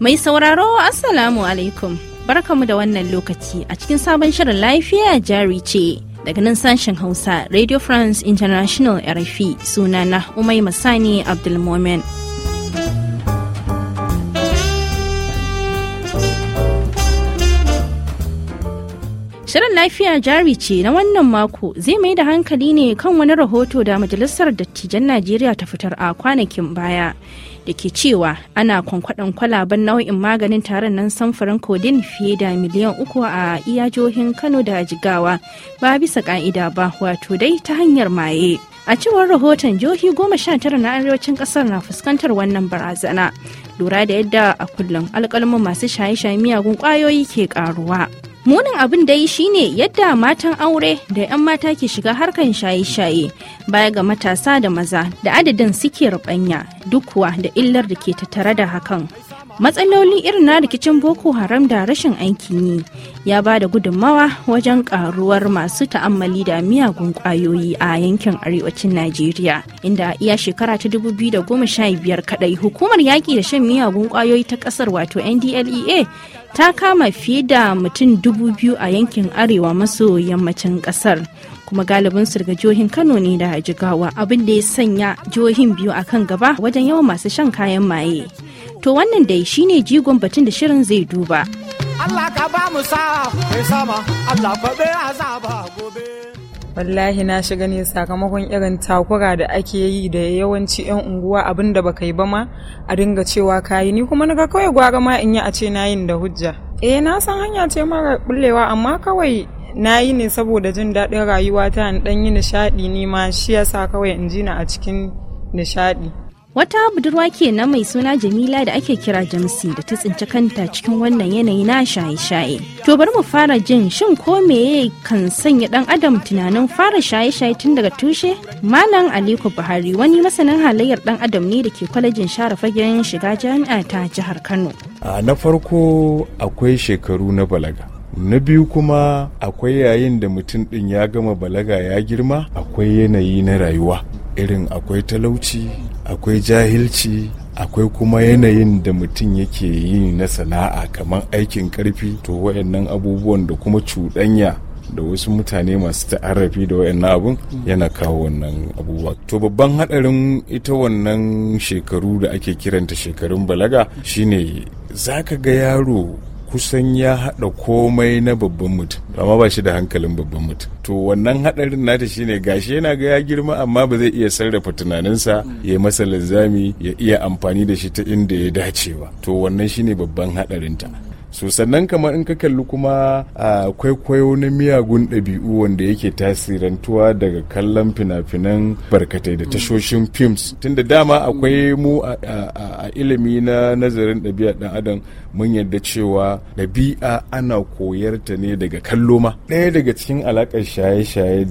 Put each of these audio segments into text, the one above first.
Mai sauraro Assalamu alaikum barkamu da wannan lokaci a cikin sabon shirin lafiya jari ce daga nan sashen Hausa Radio France International RFI sunana Umai Masani Abdulmomen. Shirin lafiya jari ce na wannan mako zai mai da hankali ne kan wani rahoto da Majalisar Dattijan Najeriya ta fitar a kwanakin baya. da ke cewa ana kwankwaɗon kwalaban nau'in maganin taron nan samfurin kodin fiye da miliyan uku a iya jihohin kano da jigawa ba bisa ka'ida ba wato dai ta hanyar maye a cewar rahoton jihohi goma sha tara na arewacin kasar na fuskantar wannan barazana lura da yadda a kullum alƙalmin masu shaye-shaye miyagun kwayoyi ke ƙaruwa. munin abin dai shine yadda matan aure da 'yan mata ke shiga harkan shaye-shaye baya ga matasa da maza da adadin suke rubanya duk kuwa da illar da ke tattare da hakan matsaloli irin na rikicin boko haram da rashin aikin yi ya ba da gudunmawa wajen karuwar masu ta'ammali da miyagun kwayoyi a yankin arewacin najeriya inda a iya shekara ta 2015 kadai hukumar yaƙi da shan miyagun kwayoyi ta ƙasar wato ndlea ta kama fiye da mutum dubu biyu a yankin arewa maso yammacin ƙasar kuma galibin daga jihohin kano ne da jigawa abin da ya sanya jihohin biyu a kan gaba wajen yawan masu shan kayan maye To wannan dai shine jigon batun da shirin zai duba. Allah ka ba mu sa'a mai sama Allah bai gobe. Wallahi na shiga ne sakamakon irin takura da ake yi da yawanci 'yan unguwa abin da baka yi ba ma a dinga cewa ka yi ni kuma naga kawai gwara ma in yi a ce na yin da hujja. Eh na san hanya ce mara bullewa amma kawai na yi ne saboda jin daɗin rayuwa ta in ɗan yi nishaɗi ni ma shi yasa kawai in ji na a cikin nishaɗi. Wata budurwa kenan mai suna Jamila da ake kira Jamsi da ta tsinci kanta cikin wannan yanayi na shaye-shaye. To bari mu fara jin shin ko meye kan sanya dan adam tunanin fara shaye-shaye tun daga tushe? Malam Aliko Buhari wani masanin halayyar dan adam ne da ke kwalejin share fagen shiga jami'a ta jihar Kano. A na farko akwai shekaru na balaga. na biyu kuma akwai yayin da mutum ɗin ya gama balaga ya girma akwai yanayi na rayuwa irin akwai talauci akwai jahilci akwai kuma yanayin da mutum yake yi na sana'a kamar aikin karfi to wayannan abubuwan da kuma cuɗanya da wasu mutane masu ta'arrafi da wayannan abun yana kawo wannan abubuwa to babban hadarin ita wannan shekaru da ake kiranta shekarun balaga shine zaka ga yaro kusan ya haɗa komai na babban mutum amma ba shi da hankalin babban mutum to wannan haɗarin nata shine gashi yana ga ya girma amma ba zai iya sarrafa tunaninsa ya masa linzami ya iya amfani da shi ta inda ya dace ba to wannan shine babban haɗarinta so sannan kamar in ka kalli kuma a kwaikwayo na miyagun ɗabi'u wanda yake tasirantuwa daga kallon fina-finan barkatai da tashoshin films tunda dama akwai mu a ilimi na nazarin ɗabi'a ɗan adam mun yadda cewa ɗabi'a ana koyar ta ne daga kallo ma ɗaya daga cikin alaƙar shaye-shaye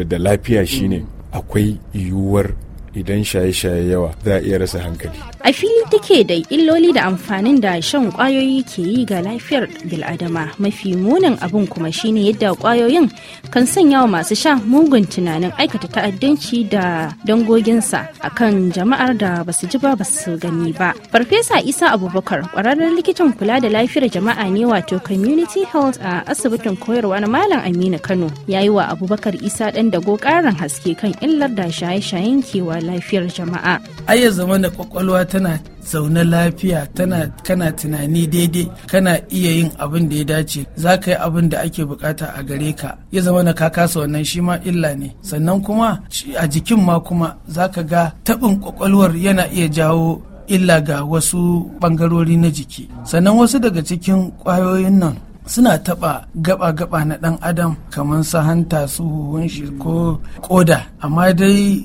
da lafiya shine akwai yiwuwar idan shaye-shaye yawa za a iya rasa hankali. A fili take da illoli da amfanin da shan kwayoyi ke yi ga lafiyar biladama mafi munin abin kuma shine yadda kwayoyin kan sanya wa masu sha mugun tunanin aikata ta'addanci da dangoginsa akan jama'ar da ba su ji ba su gani ba. Farfesa Isa Abubakar kwararren likitan kula da lafiyar jama'a ne wato community health a asibitin koyarwa na Malam Aminu Kano ya yi wa Abubakar Isa ɗan dago ƙarin haske kan illar da shaye-shayen kewa lafiyar jama'a ai zama da kwakwalwa tana zaune lafiya tana kana tunani daidai kana iya yin abin da ya dace za ka yi abin da ake bukata a gare ka ya zama na ka kasa wannan shi ma illa ne sannan kuma a jikin ma kuma za ka ga taɓin kwakwalwar yana iya jawo illa ga wasu ɓangarori na jiki sannan wasu daga cikin kwayoyin nan suna taɓa gaba-gaba na ɗan adam kamar su hanta su huhun shi ko koda amma dai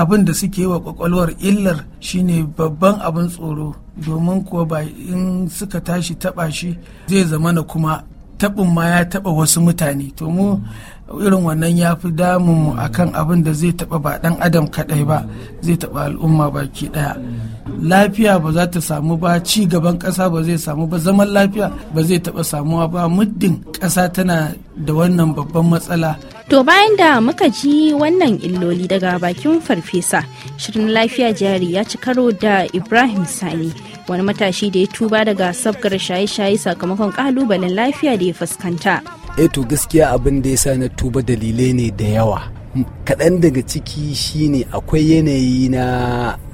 abin da suke wa kwakwalwar illar shine babban abin tsoro domin kuwa ba in suka tashi taɓa shi zai zamana kuma taɓin ma ya taɓa wasu mutane to mu irin wannan ya fi damun mu kan abin da zai taɓa ba ɗan adam kaɗai ba zai taɓa al'umma baki ɗaya lafiya ba za ta samu ba ci gaban ƙasa ba zai samu ba zaman lafiya ba zai taɓa samuwa ba muddin ƙasa tana da wannan babban matsala To bayan da muka ji wannan illoli daga bakin farfesa, shirin lafiya jari ya ci karo da Ibrahim Sani wani matashi da ya tuba daga sabgar shaye-shaye sakamakon kalubalen lafiya da ya fuskanta. eto eh gaskiya abin da ya sa na tuba dalilai ne da yawa kaɗan daga ciki shine akwai yanayi na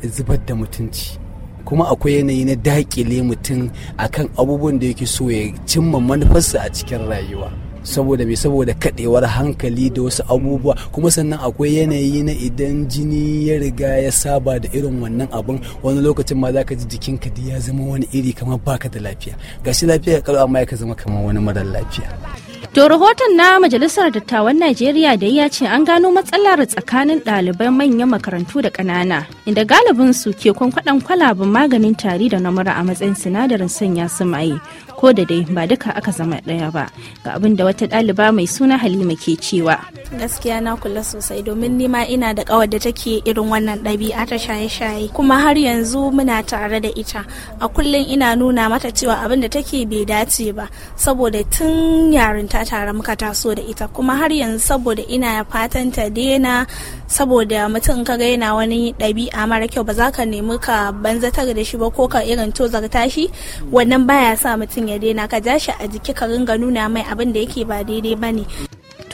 zubar da mutunci kuma akwai yanayi na dakile mutum akan abubuwan da yake so ya cimma manufarsa a cikin rayuwa saboda mai saboda kadewar hankali da wasu abubuwa kuma sannan akwai yanayi na idan jini ya riga ya saba da irin wannan abin wani lokacin ma zaka ji jikinka da ya zama wani iri kamar baka da lafiya gashi lafiya kalau amma ya zama kamar wani marar lafiya To rahoton na Majalisar Dattawan Najeriya da ya ce an gano matsalar tsakanin ɗaliban manyan makarantu da ƙanana, inda galibin su ke kwankwaɗan kwalaben maganin tari da namura a matsayin sinadarin sanya su maye, ko da dai ba duka aka zama ɗaya ba. Ga abin da wata ɗaliba mai suna Halima ke cewa. Gaskiya na kula sosai domin ni ma ina da ƙawar da take irin wannan ɗabi'a ta shaye-shaye, kuma har yanzu muna tare da ita. A kullum ina nuna mata cewa abin da take bai dace ba, saboda tun yarinta tare muka taso da ita kuma har yanzu saboda ina fatan ta daina saboda mutum ka ga yana wani ɗabi'a mara kyau ba za ka nemi ka banzatar da shi ba ko ka irin tozarta shi wannan baya sa mutum ya daina ka ja shi a jiki ka ringa nuna mai abin da yake ba daidai ba ne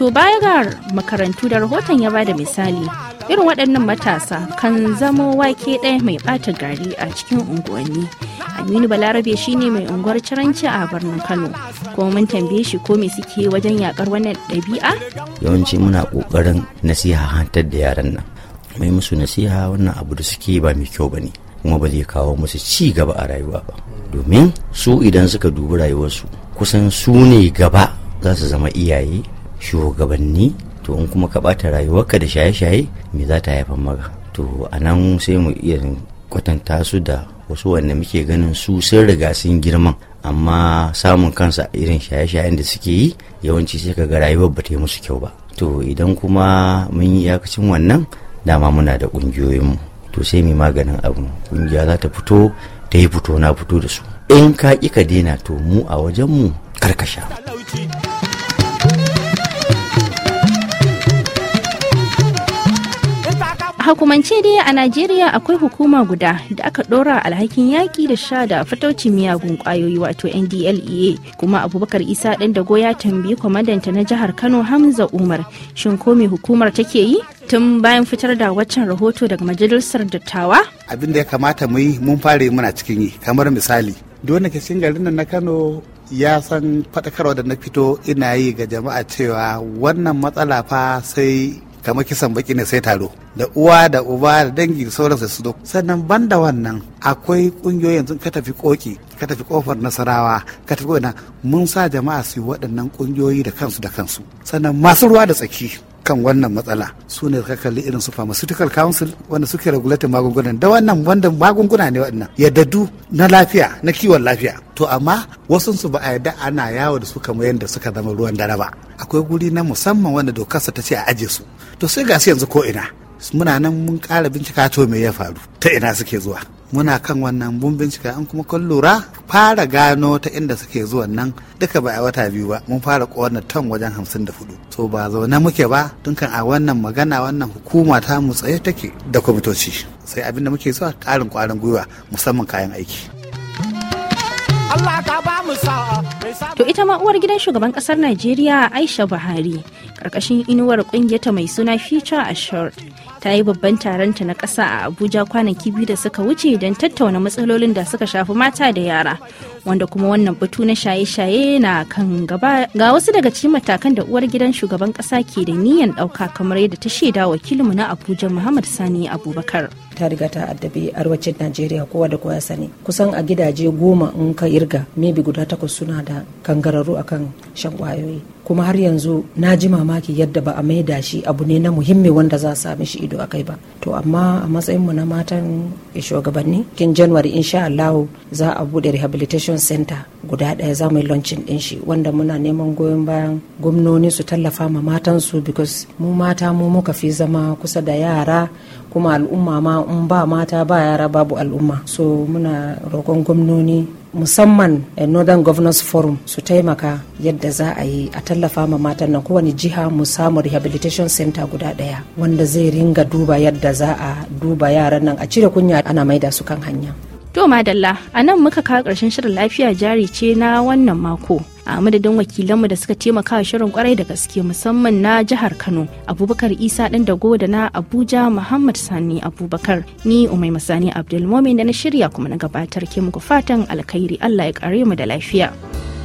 To baya ga makarantu da rahoton ya bada misali, irin waɗannan matasa kan zamo wake ɗaya mai ɓata gari a cikin unguwanni. Aminu Balarabe shine mai unguwar Ciranci a birnin Kano, kuma mun tambaye shi ko me suke wajen yakar wannan ɗabi'a? Yawanci muna ƙoƙarin nasiha hantar da yaran nan. Mai musu nasiha wannan abu da suke ba mai kyau bane, kuma ba zai kawo musu ci gaba a rayuwa ba. Domin su idan suka dubi rayuwarsu kusan su ne gaba za su zama iyaye shugabanni to in kuma ka ɓata rayuwarka da shaye-shaye me za ta haifar maka to a nan sai mu iya kwatanta su da wasu wanda muke ganin su sun riga sun girman amma samun kansa irin shaye-shayen da suke yi yawanci sai ka ga rayuwar ba ta yi musu kyau ba to idan kuma mun yi iyakacin wannan dama muna da ƙungiyoyinmu to sai mai maganin abu ƙungiya za ta fito ta yi fito na fito da su in ka ƙi ka daina to mu a wajenmu karkasha. hukumance dai a najeriya akwai hukuma guda da aka dora alhakin yaki da sha da fataucin miyagun kwayoyi wato ndlea kuma abubakar isa ɗan da goya tambayi kwamandanta na jihar kano hamza umar shin ko me hukumar take yi tun bayan fitar da waccan rahoto daga majalisar dattawa abin da ya kamata mu yi mun fara muna cikin yi kamar misali duk wanda ke garin nan na kano ya san faɗakarwa da na fito ina yi ga jama'a cewa wannan matsala fa sai kamar kisan baki ne sai taro da uwa da uba da dangi da sauransu su zo sannan banda wannan akwai kungiyoyi yanzu ka tafi koki ka tafi kofar nasarawa ka tafi mun sa jama'a su yi waɗannan kungiyoyi da kansu da kansu sannan masu ruwa da tsaki kan wannan matsala su ne ka kalli irin su pharmaceutical council wanda suke regulatin magungunan da wannan wanda magunguna ne waɗannan yadadu na lafiya na kiwon lafiya to amma wasu su ba a yadda ana yawo da su kamar yadda suka zama ruwan dare ba akwai guri na musamman wanda dokarsa ta ce a aje su to sai ga su yanzu ko ina muna nan mun kara bincika to me ya faru ta ina suke zuwa muna kan wannan mun bincika an kuma kun lura fara gano ta inda suke zuwa nan duka ba a wata biyu ba mun fara kowanne ton wajen hamsin da hudu so ba zaune muke ba tun kan a wannan magana wannan hukuma ta mu tsaye take da kwamitoci sai abinda muke zuwa ƙarin kwarin gwiwa musamman kayan aiki To ita ma uwar gidan shugaban kasar Najeriya Aisha Buhari karkashin inuwar kungiyarta mai suna Future Assured ta yi babban taronta na ƙasa a abuja kwanaki biyu da suka wuce don tattauna matsalolin da suka shafi mata da yara wanda kuma wannan batu na shaye-shaye na kan gaba ga wasu daga cikin matakan da uwar gidan shugaban kasa ke da niyan dauka kamar yadda ta shaida wakilinmu na abuja muhammad sani abubakar ta riga ta addabi arwacin najeriya kowa da kowa sani kusan a gidaje goma in ka irga mebi guda takwas suna da kangararru akan shan kwayoyi kuma har yanzu na ji mamaki yadda ba a maida shi abu ne na muhimmi wanda za a sami shi ido a kai ba to amma a matsayinmu na matan shugabanni kin january insha allahu za a bude rehabilitation convention center guda ɗaya za mu yi launchin ɗin shi wanda muna neman goyon bayan gwamnoni su tallafa ma matansu because mu mata mu muka fi zama kusa da yara kuma al'umma ma in ba mata ba yara babu al'umma so muna roƙon gwamnoni musamman eh, northern governors forum su taimaka yadda za a yi a tallafa ma matan nan kowane jiha mu samu rehabilitation center guda ɗaya wanda zai ringa duba yadda za a duba yaran nan a cire kunya ana maida su kan hanya To Madalla, a nan muka kawo ƙarshen shirin lafiya jari ce na wannan mako. A madadin wakilanmu da suka taimaka shirin kwarai da gaske musamman na jihar Kano, Abubakar Isa ɗin dago da na Abuja Muhammad Sani Abubakar, ni Umai Masani Abdulmomin da na shirya kuma na gabatar ke muku fatan alkhairi Allah ya kare mu da lafiya.